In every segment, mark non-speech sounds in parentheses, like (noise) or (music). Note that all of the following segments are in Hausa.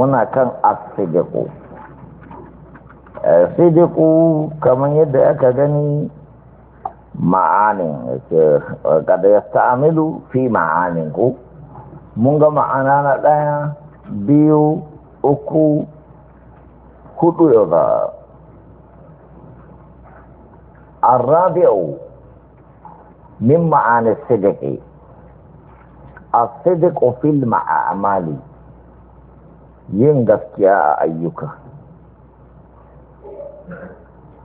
muna kan asidiku asidiku kamar yadda aka gani ma'anin kada ya sta'amilu fi ma'anin ku mun ga ma'ana na ɗaya biyu uku hudu ya za min ma'anin sidiki الصدق الصدق في المعامل yin gaskiya a ayyuka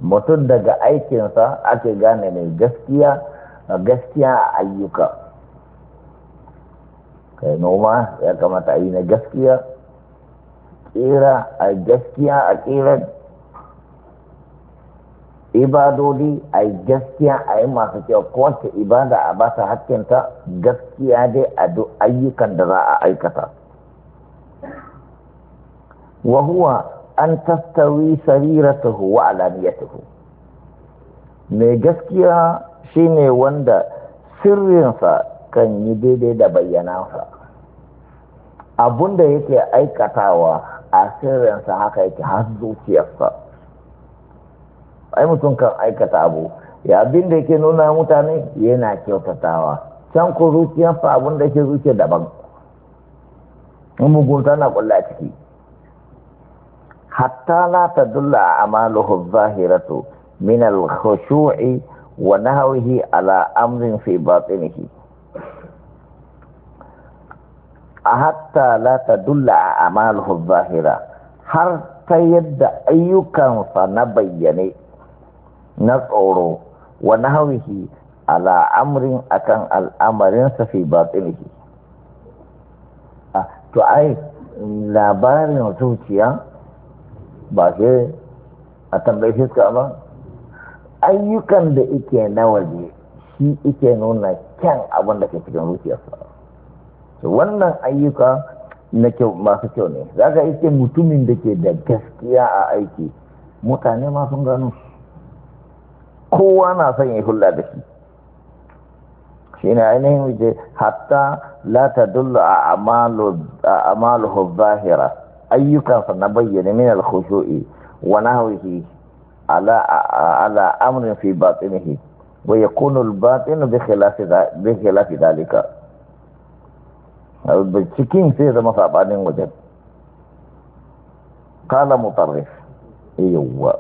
mutum daga aikinsa ake gane mai gaskiya gaskiya a ayyuka kai noma ya kamata a yi na gaskiya ƙira a gaskiya a ƙirar, ibadodi a gaskiya a yi masu kyau kowace ibada a ba ta hakkinta gaskiya dai a duk ayyukan da za a aikata wa huwa an tastawi sariratuhu wa alaniyatuhu mai gaskiya shine wanda sirrinsa kan yi daidai da bayyanansa abun yake aikatawa a sirrinsa haka yake har zuciyarsa ai mutum kan aikata abu ya abin da yake nuna mutane yana kyautatawa can ko zuciyarsa abin da yake zuciya daban in mugunta na kulla ciki hatta la ta dulla tadulla amaluhu zahiratu min al-khushu'i wa nahwihi ala amrin fi batinihi hatta la ta dulla tadulla amaluhu zahira har ta yadda ayyukansa na bayyane na tsoro wa nahwihi ala amrin akan al'amarinsa fi batinihi to ai labarin zuciya ba sai a tambayi fiska ba ayyukan da ike na waje shi ike nuna kyan abin da ke cikin zuciyarsa wannan ayyuka na kyau masu kyau ne za ka ike mutumin da ke da gaskiya a aiki mutane ma sun gano kowa na son ya hulla da shi shi ne ainihin wuce hatta la ta dulla a amalu zahira ayyukansa na bayyana min al-khushu'i wa nahwihi ala ala amrin fi batinihi wa yakunu al-batin bi khilafi bi khilafi dalika cikin sai zama sabanin wajen kala mutarrif yawwa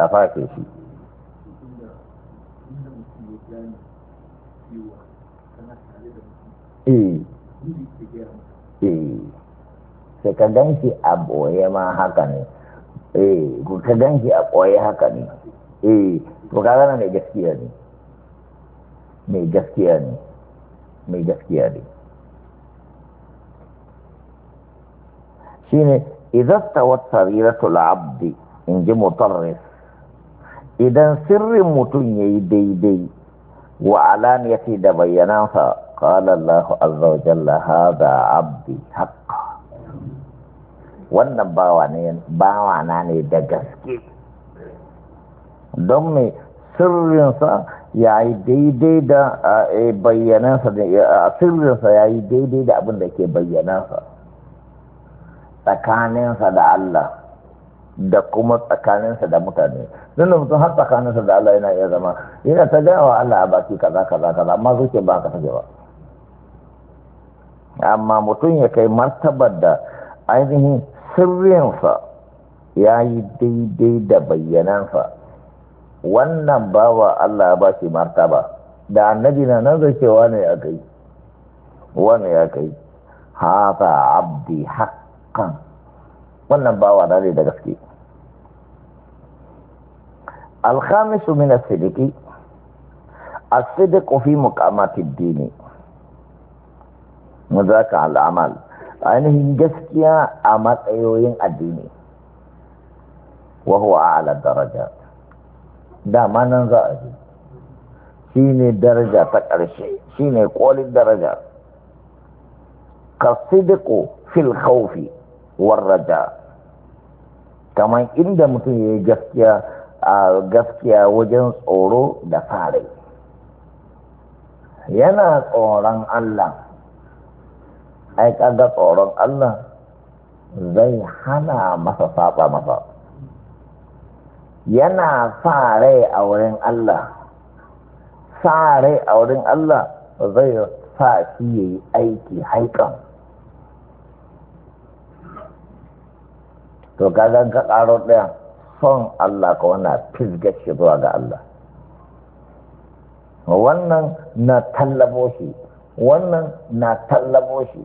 a fake shi eh ce sai ka shi a boye ma haka ne eh ka shi a boye haka ne eh to kaga na mai gaskiya ne mai gaskiya ne mai gaskiya ne ne idan tawat sariratul abdi in ji mutarris idan sirrin mutum yi daidai وعلان وعلانيتي دبينا قال الله عز وجل هذا عبدي حق wannan bawa na ne da gaske don mai sirrinsa ya yi daidai da eh, bayyanansa eh, sirrinsa ya yi daidai da abin da ke bayyanansa tsakaninsa da Allah da kuma tsakaninsa da mutane don da mutum har tsakaninsa da Allah yana iya zama yana ta gaya wa Allah a baki kaza kaza kaza amma zuke ba ka taje ba amma mutum ya kai martabar da ainihin sirrinsa ya yi daidai da bayyanansa wannan ba wa Allah ba shi martaba da annabi na nan zai cewa ya kai wani ya kai haka abdi hakan. wannan ba wa ne da gaske alhamisu min sidiki الصدق fi مقامات dini mazaka على العمل ainihin gaskiya a matsayoyin addini wa huwa a'la daraja dama nan za a ji shine daraja ta ƙarshe shine kolin daraja ka fil khawfi warraja kamar inda mutum ya yi gaskiya a gaskiya wajen tsoro da fare yana tsoron Allah ai kaga tsoron Allah zai hana masa saba masa yana sa rai a wurin Allah sa rai a wurin Allah zai sa shi ya yi aiki haikan to kaga ka karo ɗaya son Allah ka wannan fisgar shi zuwa ga Allah wannan na tallabo shi wannan na tallabo shi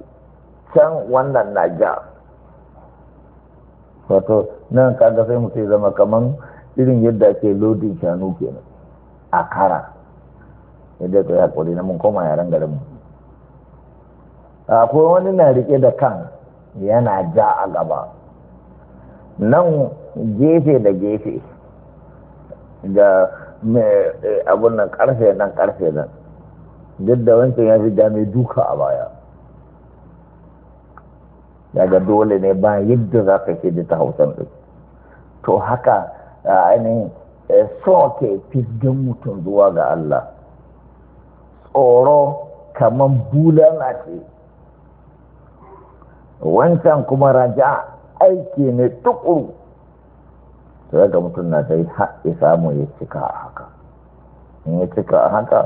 can wannan na ja wato nan kaga sai mutum zama kaman irin yadda ake lodin shanu kenan a kara yadda ka yi na mun koma yaren garin mu akwai wani na riƙe da kan yana ja a gaba nan gefe da gefe da eh, abun nan karfe nan karfe nan duk da wancan ya fi jami duka a baya daga dole ne ba yadda za ka ke ta hausan da to haka ainihin eh, so ke fidin mutum zuwa ga Allah tsoro kamar bulala ce wancan kuma raja'a aiki ne tukuru sai ga mutum na dai haƙƙi samu ya cika a haka in ya cika a haka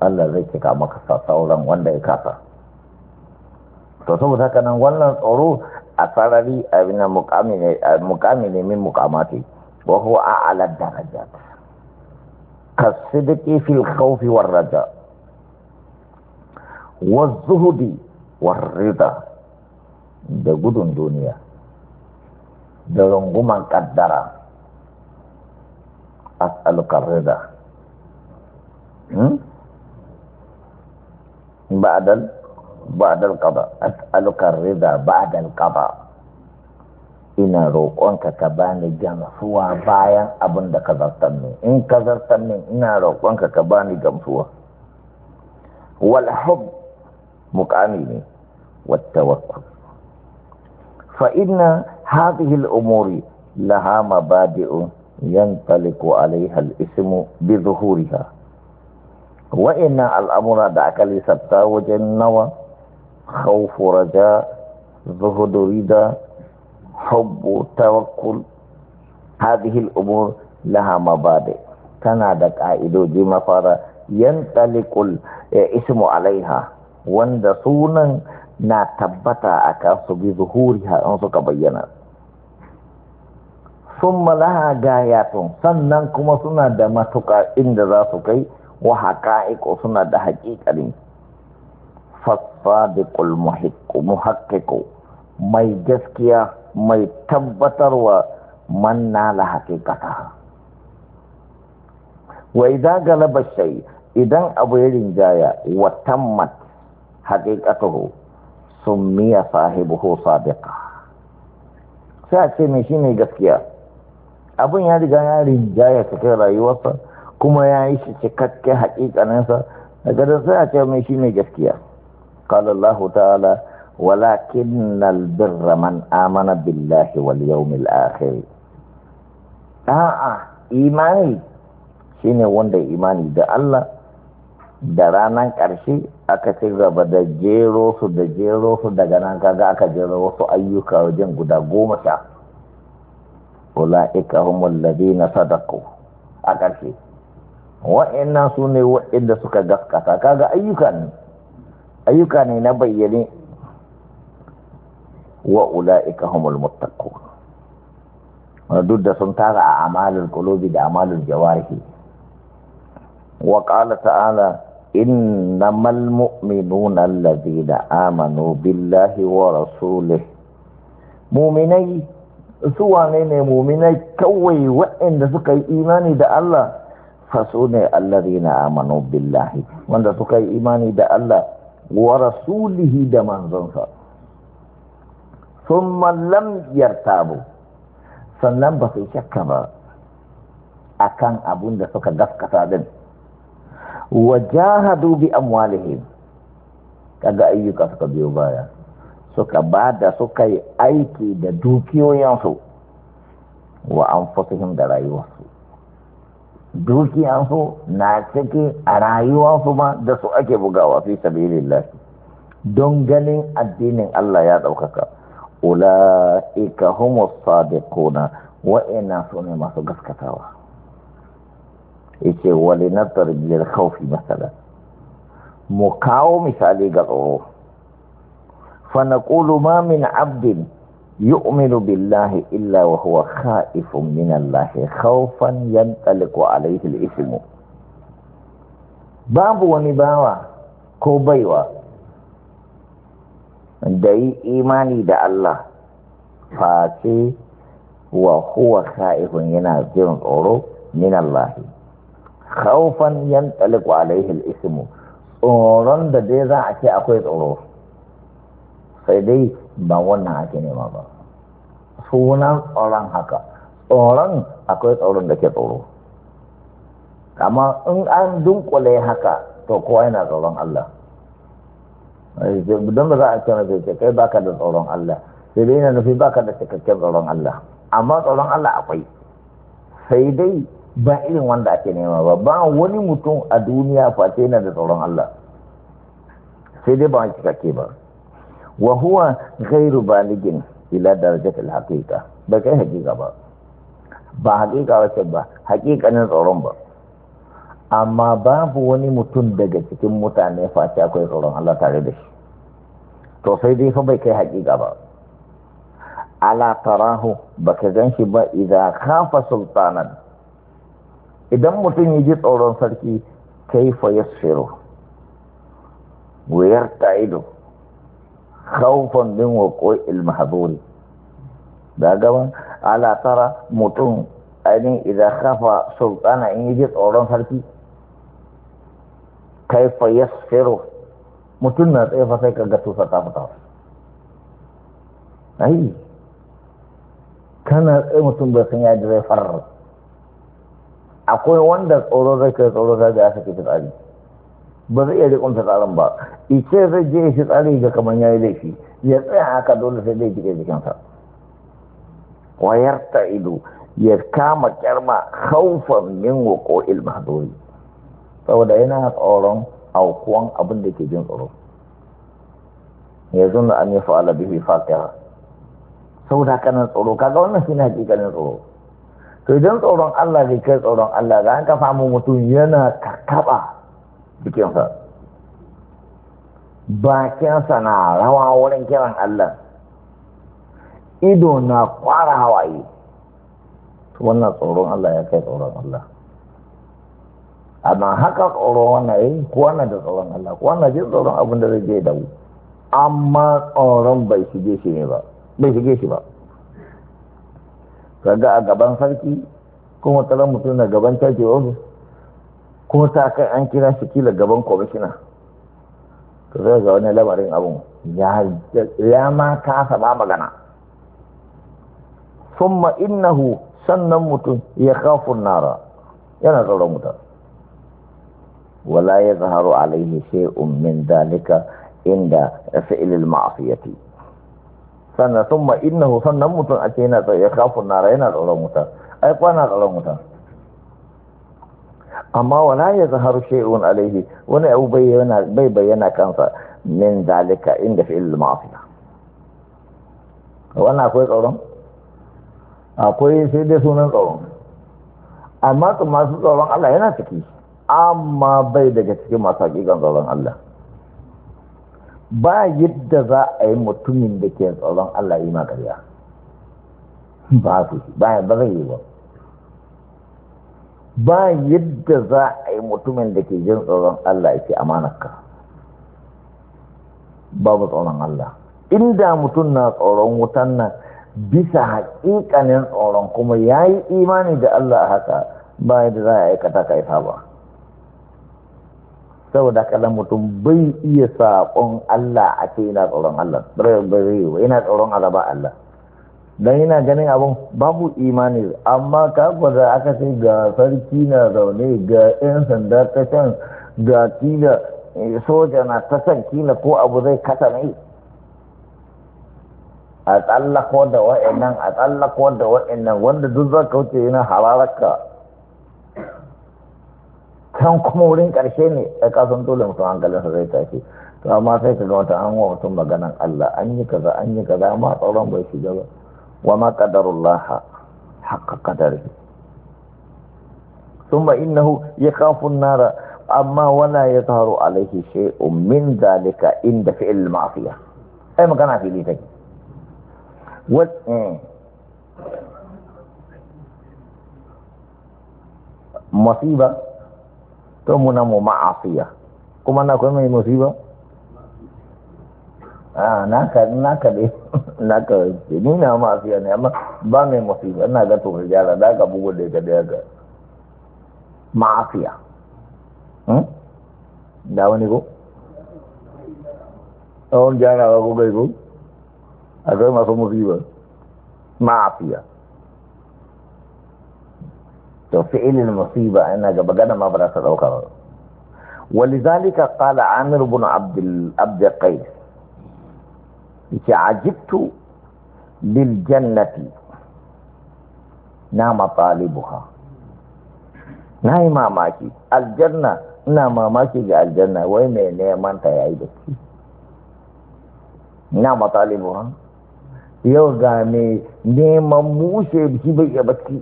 Allah zai cika maka sauran wanda ya kasa to saboda haka nan wannan tsoro a sarari abin mukami ne min mukamati wa huwa a'la darajat kasidiki fil khawfi war raja wa zuhudi war rida da gudun duniya da runguman kaddara as'alukar rida ba'dal ba'dal qada as'alukar rida ba'dal qada ina roƙonka ka bani gamsuwa bayan abin da ka zartar min in ka zartar min ina roƙonka ka bani gamsuwa wal hub muqami ne wat tawakkul fa inna هذه الأمور لها مبادئ ينطلق عليها الاسم بظهورها وإن الأمر دعك لسبتا وجنوى خوف رجاء زهد رضا حب توكل هذه الأمور لها مبادئ تنادى قائد جمفر ينطلق الاسم عليها وند سونا na tabbata a kansu bi zuhuriha in suka bayyana sun malaha gayatun sannan kuma suna da matuƙa inda za su kai wa Iko suna da haƙiƙari fasadiƙul muhaƙiƙo mai gaskiya mai tabbatarwa manna la haƙiƙata wa idan galaba shai idan abu ya rinjaya wa tammat haƙiƙatuhu summiya sahibuhu sadiqa sai a ce mai shi ne gaskiya abin ya riga ya rinjaya cikin rayuwarsa kuma ya yi shi cikakke haƙiƙaninsa daga da sai a ce mai shi ne gaskiya قال الله تعالى ولكن البر من آمن بالله واليوم الآخر آه إيماني شيني وندي إيماني ده الله da ranar ƙarshe aka ci gaba da jero su da jero su daga nan kaga aka jero wasu ayyuka wajen guda goma sha ula'ika humul ladina sadaku a ƙarshe wa'annan su ne wa'inda suka gaskata kaga ayyuka ne ayyuka ne na bayyane wa ula'ika humul wani duk da sun tara a amalin kulobi da amalin jawarki. wa ƙala ta'ala إنما المؤمنون الذين آمنوا بالله ورسوله مؤمني سوى نيني مؤمني كوي وإن سكي إيماني دا الله فسوني الذين آمنوا بالله من دا سكي إيماني دا الله ورسوله دا من زنفر ثم لم يرتابوا sannan ba su shakka ba akan abun da suka gaskata din wa jahadu bi amwalihim kaga ayyuka suka biyo baya suka bada da suka yi aiki da dukiyoyinsu wa anfusihim da rayuwarsu dukiyansu na cike a rayuwarsu ma da su ake bugawa fi sabilillah don ganin addinin Allah ya ɗaukaka ula'ika humus sadiquna wa'ina su ne masu gaskatawa yace wali na tarbiyar khawfi masala mu kawo misali ga tsoro fa naqulu ma min abdin yu'minu billahi illa wa huwa khaifun min Allah khawfan yantaliqu alayhi al-ism babu wani bawa ko baiwa da yi imani da Allah face wa huwa khaifun yana jin tsoro min Allah yan yantaliqu alaihi al-ismu tsoron da dai za a ce akwai tsoro sai dai ba wannan ake nema ba sunan tsoron haka tsoron akwai tsoron da ke tsoro amma in an dunkule haka to kowa yana tsoron Allah don ba za a cewa zai kai baka da tsoron Allah sai dai yana nufi baka da cikakken tsoron Allah amma tsoron Allah akwai sai dai ba irin wanda ake nema ba ba wani mutum a duniya face yana da tsoron Allah sai dai ba kake ba wa huwa ghairu baligin ila darajatil haqiqa ba kai hakika ba ba hakika wace ba hakikanin tsoron ba amma babu wani mutum daga cikin mutane face akwai tsoron Allah tare da shi to sai dai fa bai kai hakika ba ala tarahu baka gan shi ba idza khafa sultanan idan mutum yi ji tsoron sarki kaifa yassiru wayar wuyar ta'ido khawfan din waqu'il mahdhuri da gaba ala tara mutum ainihin idan kafa sultana in yi ji tsoron sarki kaifa yassiru mutum na tsaye sai ka ga tusa ta fita ai kana tsaye mutum bai san ya ji zai farar akwai wanda tsoro zai kai tsoro zai ga ya tsari ba zai iya rikunta tsarin ba ice zai je shi tsari ga kamar yayi laifi ya tsaya haka dole sai zai jike jikinsa wayar ta ido ya kama kyarma haufan min wako ilmahdori saboda yana tsoron aukuwan abin da ke jin tsoro ya zuna an yi fa'ala bihi fakira saboda kanan tsoro kaga wannan shine hakikalin tsoro to idan tsoron Allah zai kai tsoron Allah za ka samu mutum yana kakaba jikinsa bakinsa na rawa wurin kiran Allah ido na kwara hawaye to wannan tsoron Allah ya kai tsoron Allah amma haka tsoro wannan yi eh, ko wannan da tsoron Allah ko wannan jin tsoron abin da zai je da amma tsoron bai shige shi ne ba bai shige shi ba kaga a gaban sarki kuma talar mutum na gaban take ofis ko ta kai an kira shi kila gaban kwamishina to zai ga wani lamarin abin ya ma kasa ba magana summa innahu sannan mutum ya kafin nara yana tsoron mutum. wala ya zaharu alaihi sai ummin dalika inda fi'ilil ma'asiyati sannan sun ma inna nan mutum a ce yana tsaye ya kafin nara yana tsoron wuta ai kwana tsoron wuta amma wala ya zahar shay'un alaihi wani abu bai bayyana kansa min zalika inda fi ilil ma'afiya Wani akwai tsoron akwai sai dai sunan tsoron amma masu tsoron Allah yana ciki amma bai daga cikin masu hakikan tsoron Allah ba yadda za a yi mutumin da ke tsoron Allah yi makariya ba su ba ba zai yi ba ba yadda za a yi mutumin da ke jin tsoron Allah yake amanarka babu tsoron Allah inda mutum na tsoron wutan nan bisa haƙiƙanin tsoron kuma ya yi imani da Allah haka ba yadda za a aikata ka ba saboda kallon mutum bai iya saƙon Allah a ce yana tsoron Allah yana tsoron azaba Allah don yana ganin abin babu imani amma ka gwada aka ce ga sarki na zaune ga 'yan sanda ta can ga kila eh, soja na ta can kila ko abu zai kasa mai a tsallako da wa'annan a tsallako da wa'annan wanda duk za ka wuce yana hararraka. kan kuma wurin ƙarshe ne a kasan dole mutum hankalinsa zai tashi to amma sai ka ga wata an wa mutum maganan Allah an yi kaza an yi kaza amma tsoron bai shiga ba wa ma qadarullah haqqa qadari thumma innahu yakhafu an-nara amma wala yadharu alayhi shay'un min dhalika inda fi'l al-ma'siyah ai magana fili take wal mm. masiba to muna mu ma'asiya kuma na kuma mai musiba a ah, naka naka dai (laughs) naka ni na ma'asiya ne amma ba mai musiba ina ga to gyara da ga bugu da ga da ma'asiya hmm? da wani ko tsawon gyarawa ko gai ko فعل المصيبة أنا جبجانا ما برأس الأوقات ولذلك قال عامر بن عبد عبد القيس إذا عجبت للجنة نام طالبها نايما ماكي الجنة نام ماكي جاء الجنة وين نيمان تيعيدك نام طالبها يوغاني نيم موشي بشي بكي بكي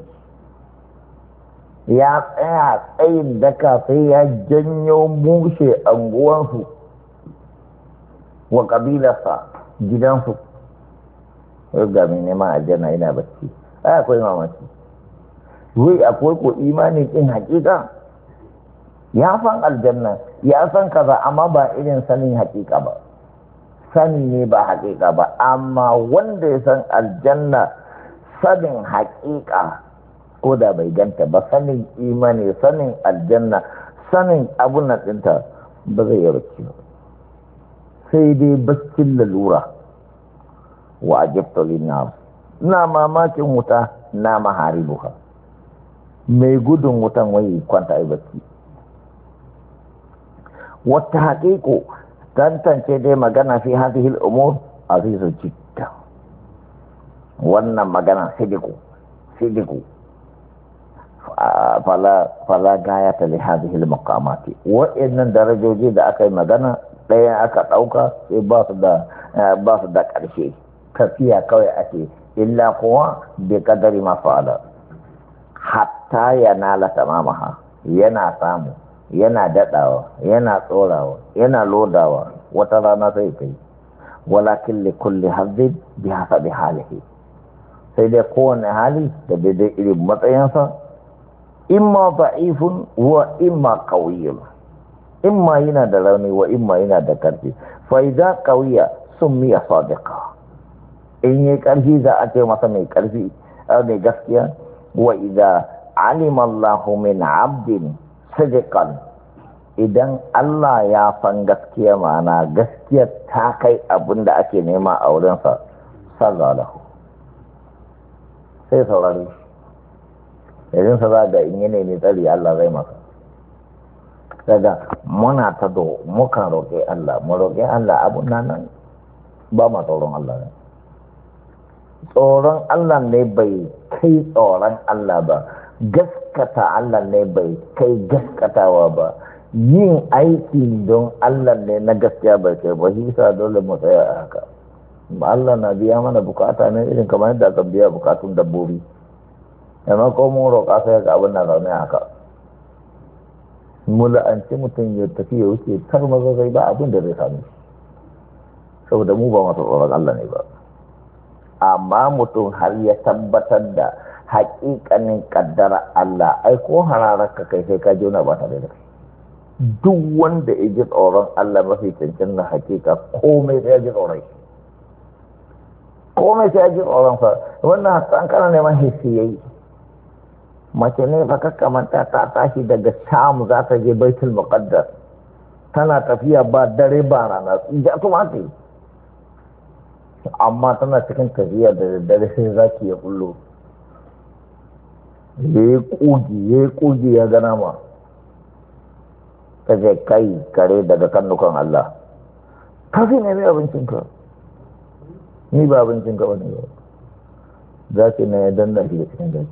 ya tsaya tsayin daka sai ya janyo mushe anguwansu wa ƙabilarsa gidansu ga mai neman aljanna yana bacci ai akwai mamaki wai akwai ko imani kin hakika ya san aljanna ya san kaza amma ba irin sanin hakika ba sani ne ba hakika ba amma wanda ya san aljanna sanin hakika ko da bai ganta ba sanin imani sanin aljanna sanin abun nan ɗinta ba zai yi barci ba sai dai baskin lalura wa ajabta linnar na mamakin wuta na maharibuha mai gudun wutan wai kwanta ai barci. wata haƙiƙo tantance dai magana fi hil umur azizul jidda wannan magana sidiku sidiku fala gaya ta li hadhihi al-maqamati Waɗannan darajoji da aka yi magana ɗaya aka ɗauka sai ba su da eh, ba su da ƙarshe tafiya kawai ake illa kuwa bi kadari ma fa'ala hatta ya nala tamamaha yana samu yana daɗawa yana tsorawa yana lodawa wata rana sai kai walakin li kulli hazzin bi hasabi halihi sai dai kowane hali da daidai irin matsayinsa imma da'ifun wa imma qawiyyun imma yana da rauni wa imma yana da karfi fa idza qawiya miya sadiqa in yi karfi za a ce masa mai karfi mai gaskiya wa idza alima min 'abdin sadiqan idan Allah ya san gaskiya ma'ana gaskiyar ta kai abin da ake nema a wurinsa sallallahu sai saurari yanzu sa za ga in yi ne tsari Allah zai masa daga muna ta do muka roƙe Allah mu roƙe Allah abun nan nan ba ma tsoron Allah ne tsoron Allah ne bai kai tsoron Allah ba gaskata Allah ne bai kai gaskatawa ba yin aiki don Allah ne na gaskiya bai kai ba shi dole mu tsaya a haka Allah na biya mana bukata ne irin kamar yadda aka biya bukatun dabbobi ko mun roƙa sai ga abin nan zaune haka mula'anci mutum ya tafi ya wuce tar maza zai ba abin da zai samu. saboda mu ba masu tsoron Allah ne ba amma mutum har ya tabbatar da haƙiƙanin ƙaddara Allah ai ko ka kai sai ka na ba tare da kai duk wanda ya ji tsoron Allah mafi cancan na haƙiƙa komai sai ya ji tsoron komai sai ya ji tsoron fa wannan hatta an kana neman hissi mace ne ba kamanta ta tashi daga sham za ta je baitul muqaddas tana tafiya ba dare ba rana ja kuma ta yi amma tana cikin tafiya da dare sai ki ya kullo ya yi ƙugi ya yi ƙugi ya gana ma ta kai kare daga kannukan Allah fi ne mai abincinka ni ba abincinka ba ne ba za ki na ya danna shi da cikin gaji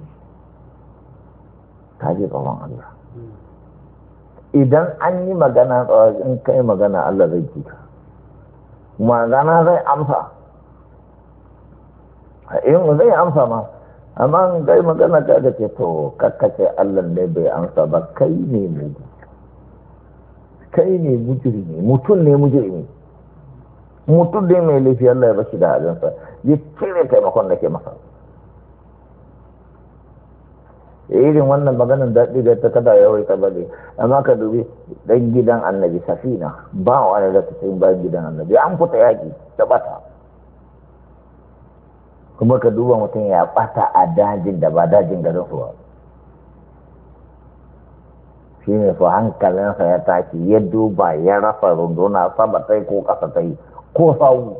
ka ji tsoron Allah idan an yi magana in kai magana Allah zai ji ka magana zai amsa in zai amsa ma amma in kai magana ka da ke to kakace Allah ne bai amsa ba kai ne mu kai ne mujrimi mutum ne mujrimi mutum ne mai laifi Allah ya bashi da halinsa ya cire taimakon da ke masa irin wannan maganin daɗi da ta kada yawai ba ne amma ka dubi ɗan gidan annabi safina ba wa da zata sayin bayan gidan annabi an fita yaƙi ta ɓata kuma ka duba mutum ya ɓata a dajin da ba dajin garin su ba shi ne fa hankalinsa ya tashi ya duba ya rasa runduna sama ta ko ƙasa ta yi ko sawu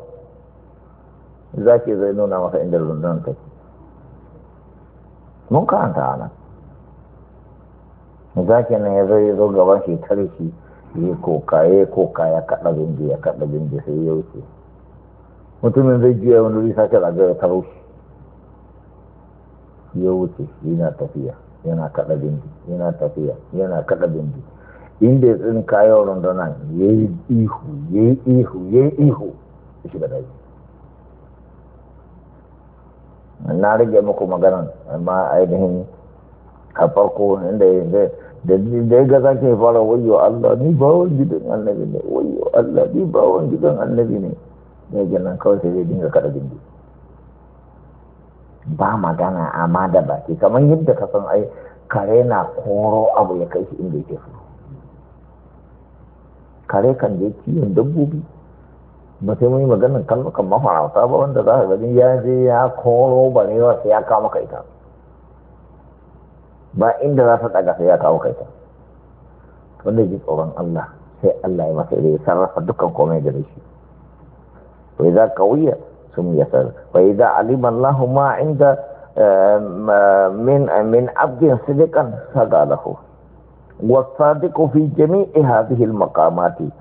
za ki zai nuna maka inda rundunar take mun karanta a nan zaki nan ya zai ya zo gaban shi tare shi yi koka ya koka ya kaɗa bindi ya kaɗa bindi sai ya wuce mutumin zai jiya wani wuri sake zaga ya taro shi ya wuce yana tafiya yana kaɗa bindi yana tafiya yana kaɗa bindi inda ya tsin kayan rundunan ya yi ihu ya yi ihu ya yi ihu ya shiga daji na rage muku maganan amma ainihin a farko inda ya da ya gaza ke fara wayo Allah ni wani gidan annabi ne wayo Allah ni wani gidan annabi ne ya nan kawai sai zai dinga kada gindi ba magana amma da baki kamar yadda ka san ai kare na koro abu ya kai shi inda yake so kare kan je kiwon dabbobi ba sai mai maganin kalmukan mafarauta ba wanda za ka gani ya je ya koro barewa sai ya kama ka ita ba inda za ta daga sai ya kawo kai ta wanda ji tsoron Allah sai Allah ya masa ya sarrafa dukkan komai da shi wai za ka wuya sun ya sarrafa wai za alima Allah ma inda eh, min min abdin sidikan sagalahu sadiqu fi jami'i hadhihi al-maqamati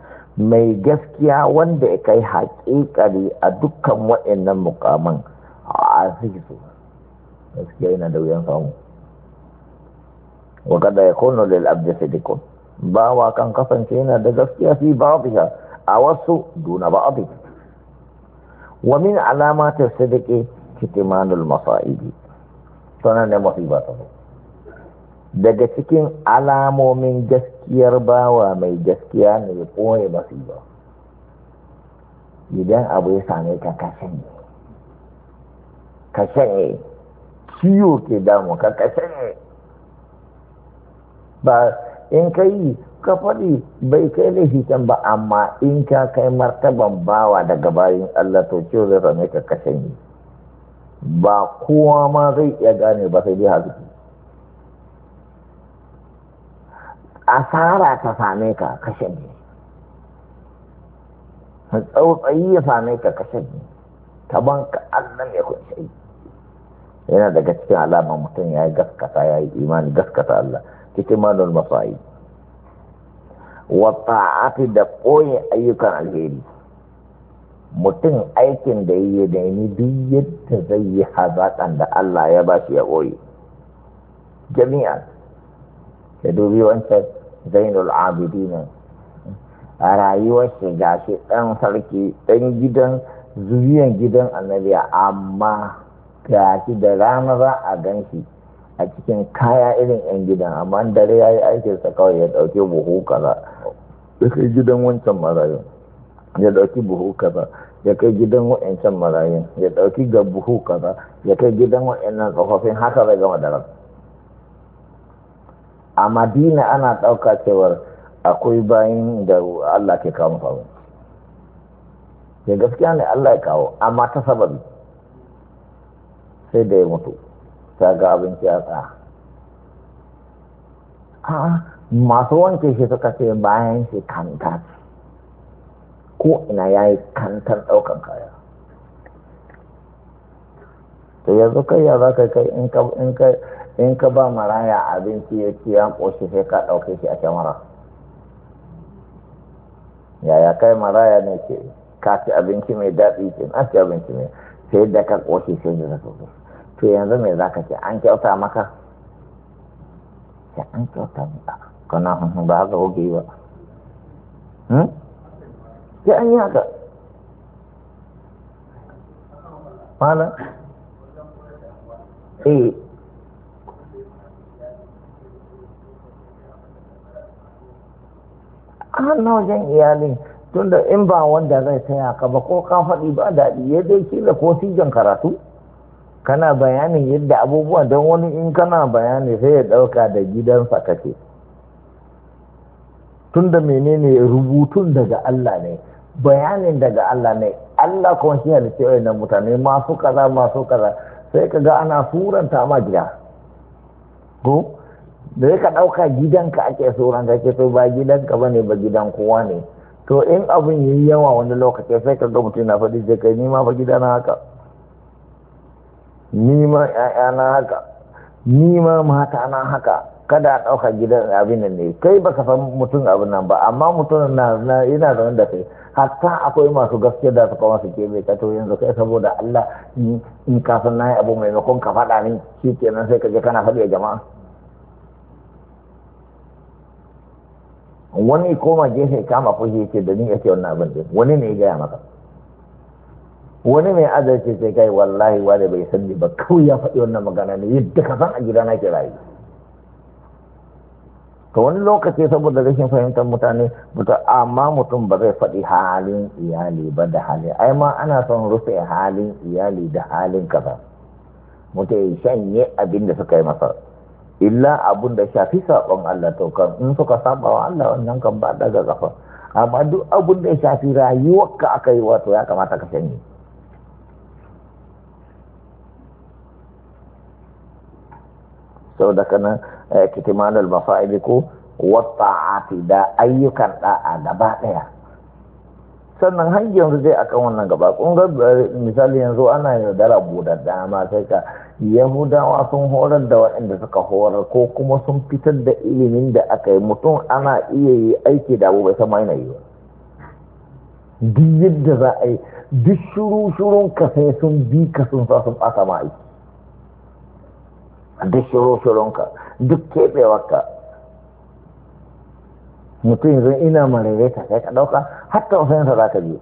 mai gaskiya wanda ya kai haƙiƙari a dukkan waɗannan muƙaman a su gaskiya yana da wuyan samu wa kada kono lil abdi sidqun bawa kan kasance yana da gaskiya fi ba'dha a wasu duna ba'dhi wa min alamatis sidqi kitmanul masa'ibi sanan ne musiba ta daga cikin alamomin gaskiyar bawa mai gaskiya ne ya koye masiba idan abu ya same ka ka shanye ka shanye ciwo ke damu ka ka shanye ba in ka yi ka faɗi bai kai laifitan ba amma in ka kai martaban bawa daga bayan Allah to ce zai rame ka ka shanye ba kowa ma zai iya gane ba sai dai haziki asara ta same ka ka shanye tsautsayi ya same ka ka ta ban ka Allah ya kunshe yana daga cikin alamar mutum ya yi gaskata ya yi imani gaskata Allah kitmanul mafaid wa ta'ati da koyi ayyukan alheri mutum aikin da yi da daini duk yadda zai yi hazaƙan da Allah ya ba shi ya koyi jami'a da dubi wancan zainul abidina a rayuwar shi shi ɗan sarki ɗan gidan zuriyan gidan annabiya amma ga shi da rana za a gan shi a cikin kaya irin yan gidan amma dare ya yi aikinsa kawai ya dauke buhu kaza ya kai gidan wancan marayun ya dauki buhu kaza ya kai gidan wancan marayun ya dauki ga buhu kaza ya kai gidan wancan tsofaffin haka zai gama daren a madina ana dauka cewar akwai bayan da allah ke kawo musamman ya gaskiya ne allah ya kawo amma ta sababi sai da ya mutu ta ga abinci a tsaya a masu wanke shi suka ce bayan shi kanta ko ina ya yi kantar ɗaukar kaya to yanzu kai ya za ka kai in ka ba maraya abinci ya ce ya ƙoshi sai ka ɗauke shi a kyamara yaya kai maraya ne ce ka ci abinci mai daɗi ce na ci abinci mai sai da ka ƙoshi sai da ta ƙoshi. to yanzu me za ka ce an kyauta maka sai an kyauta maka ah, kana hankali (laughs) ba haka hoge ba sai hmm? an yi haka mana eh an wajen iyali tunda in ba wanda zai saya ka ba ko ka faɗi ba daɗi ya dai kila ko sijan karatu kana bayanin yadda abubuwa don wani in kana bayani sai ya ɗauka da gidansa kake tun da menene rubutun daga Allah ne bayanin daga Allah ne Allah kuma shi halitta yau na mutane masu kaza masu kaza sai ka ga ana suranta ma gida ko da ka ɗauka gidanka ake ka ke so ba gidanka ba ne ba gidan kowa ne to in abin yi yawa wani lokaci sai ka ga mutum na faɗi je kai nima ba gidana haka ni ma na haka ni mata na haka kada a ɗauka gidan abin ne kai ba ka san mutum abin nan ba amma mutum na yana zaune da kai hatta akwai masu gaske da su kuma su ke mai ka yanzu kai saboda Allah in ka san nayi abu maimakon ka faɗa ni shi kenan sai ka je kana faɗi a jama'a wani koma gefe kama fushi yake da ni yake wannan abin din wani ne ya gaya maka wani mai adalci sai kai wallahi wani bai sanni ba kawai ya faɗi wannan magana ne yadda ka san a gida na ke rayu to wani lokaci saboda rashin fahimtar mutane mutum amma mutum ba zai faɗi halin iyali ba da halin ai ma ana son rufe halin iyali da halin kaza mutum ya shanye abin da suka yi masa illa abun da shafi saɓon Allah to kan in suka saba wa Allah wannan kan ba daga kafa amma duk abun da ya shafi rayuwarka aka yi wato ya kamata ka shanye saboda kana eh, al masa'ib ko wata'ati da ayyukan da'a gaba daya sannan har yanzu zai akan wannan gaba kun ga eh, misali yanzu ana yaudara budar dama sai ka yahudawa sun horar da waɗanda suka horar ko kuma sun fitar da ilimin da aka yi mutum ana iya yi aiki da abu bai sama yana yi duk yadda za a yi duk shuru shurun ka sai sun bi ka sun sa sun ɓata aiki duk shiro-shironka duk keɓewarka mutum yanzu ina marere ta kai ka ɗauka hatta wasansa za ka biyu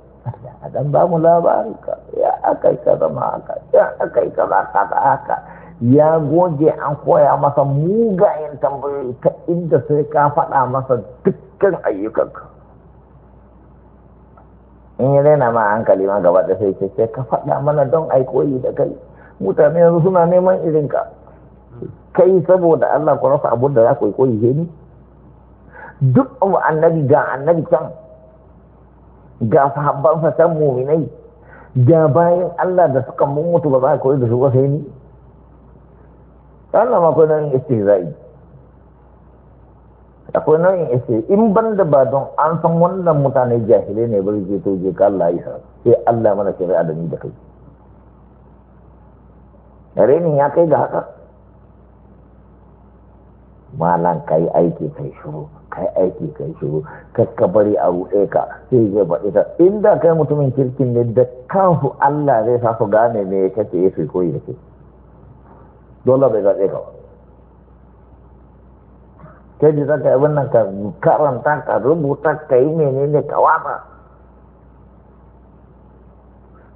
a dan ba mu labari ka ya aka yi ka haka ya aka yi ka za haka ya goge an koya masa mugayen tambayoyi ta inda sai ka faɗa masa dukkan ayyukanka in ya raina ma hankali ma gaba da sai ce ka faɗa mana don aikoyi da kai mutane yanzu suna neman irinka kai saboda Allah ku rasa abun da za ku yi koyi ke ni duk abu annabi ga annabi can ga sahabban fasan muminai ga bayan Allah da suka mun mutu ba za ku koyi da su ba sai ni Allah ma akwai nan istihza'i akwai nan ise in ban da ba don an san wannan mutane jahilai ne bari je to je ka Allah isa sai Allah mana shari'a da ni da kai Rainin ya kai ga haka malan ka yi aiki kai shiru kai aiki kai shiru kakka bari a ruɗe ka sai zai baɗi ta inda kai mutumin kirkin ne da kansu Allah zai sa su gane me kake yi su koyi da ke dole bai zaɓe ka ba kai da zaka abin nan ka karanta ka rubuta ka yi menene ka wata,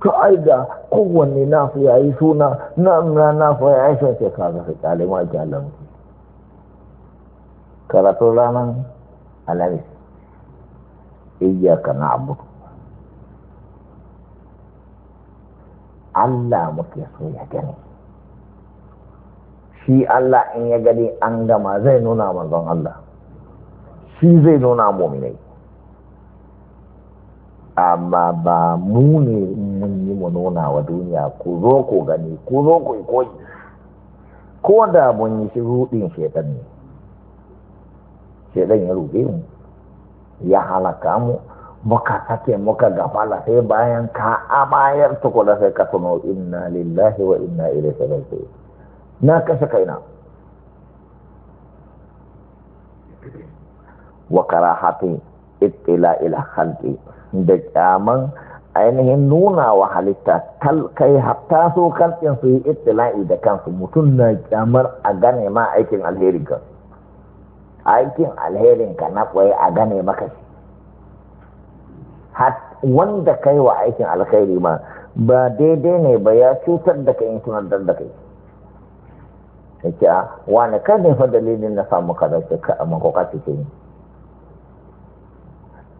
ka ai da kowanne na yayi suna na na na fi yayi sai ka ga sai kalima karatun ranar alamis iyaka na abu Allah muke so ya gani shi Allah in ya gani an gama zai nuna manzon Allah shi zai nuna mominai amma ba mu ne mun yi mu nuna wa duniya ku zo ku gani ku zo ku koyi ko da mun yi shi rudin shekar ne shedan ya mu ya halaka mu muka sake muka gafala sai bayan ka amayar tukuna sai ka tuno inna lillahi wa inna ilaihi raji'un na kashe kaina wa karahati ittila ila khalqi da kyaman ainihin nuna wa halitta kai hatta so kalkin su yi ittila'i da kansu mutum na kyamar a gane ma aikin alheri kansu aikin alherin ka na kwaye a gane maka wanda kai wa aikin alkhairi ma ba daidai ne ba ya cutar da kai in tunar da kai ita ah, wani kan ne fa dalilin na samu ka ce ka amma ko kace ce ni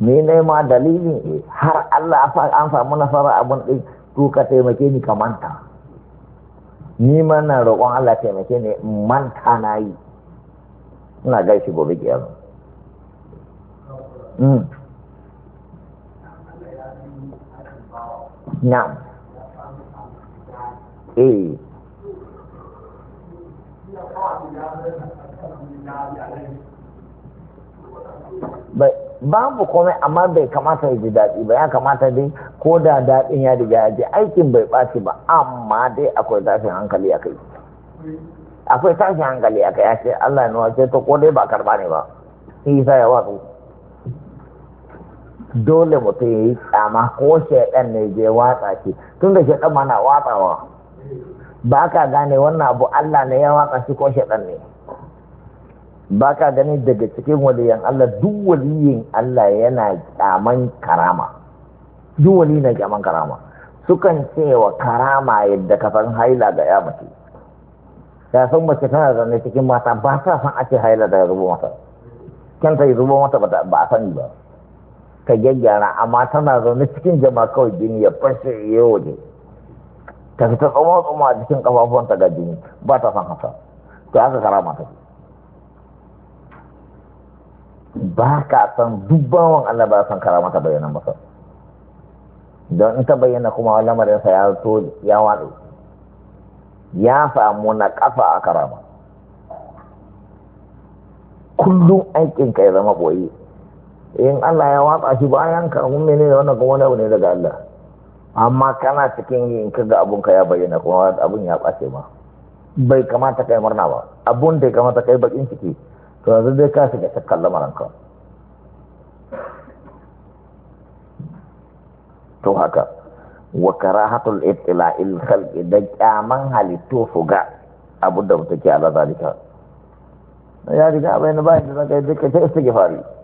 ni ne ma dalili har Allah an samu nasara abun din to ka taimake ni ka manta ni ma na roƙon Allah taimake ni manta na yi ina gaishi gobe kiyama hmm. na eh babu komai amma bai kamata ya ji daɗi ba ya kamata dai ko da daɗin ya riga ya ji aikin bai ɓaci ba amma dai akwai zafin hankali a kai akwai tashi hankali aka ya ce Allah ne wace ta dai ba karba ne ba isa ya wato dole mutum ya yi tsama ko ɗan ne je watsa shi tun da shaidan ma na watsawa ba ka gane wannan abu Allah ne ya watsa shi ko ɗan ne ba ka gani daga cikin waliyan Allah duk waliyin Allah yana kyaman karama duk wali na kyaman karama sukan cewa karama yadda kafan haila ga ya mutu ta mace tana zaune cikin mata ba ta san ake haila da rubo mata kanta yi rubo mata ba a sani ba ta gyaggyara amma tana zaune cikin jama kawai jini ya fashe ya waje ta fita tsoma tsoma a cikin kafafuwanta ga jini ba ta san hasa to aka karama ta ba ka san dubbawan Allah ba san karama ta bayyana masa don in ta bayyana kuma lamarinsa ya to ya watsa ya samu na kafa a karama kullum aikin ka ya zama boye in Allah ya watsa shi bayan ka mun mene ne wannan kuma wani ne daga Allah amma kana cikin yin ga abun ka ya bayyana kuma abun ya bace ma bai kamata kai murna ba abun da ya kamata kai bakin ciki to yanzu dai ka shiga ta lamarin ka to haka wa karahatul ibtila'il khalqi da kyaman halittu fuga ga da take ala zalika ya riga bai na bayan da zaka yi duka sai istighfari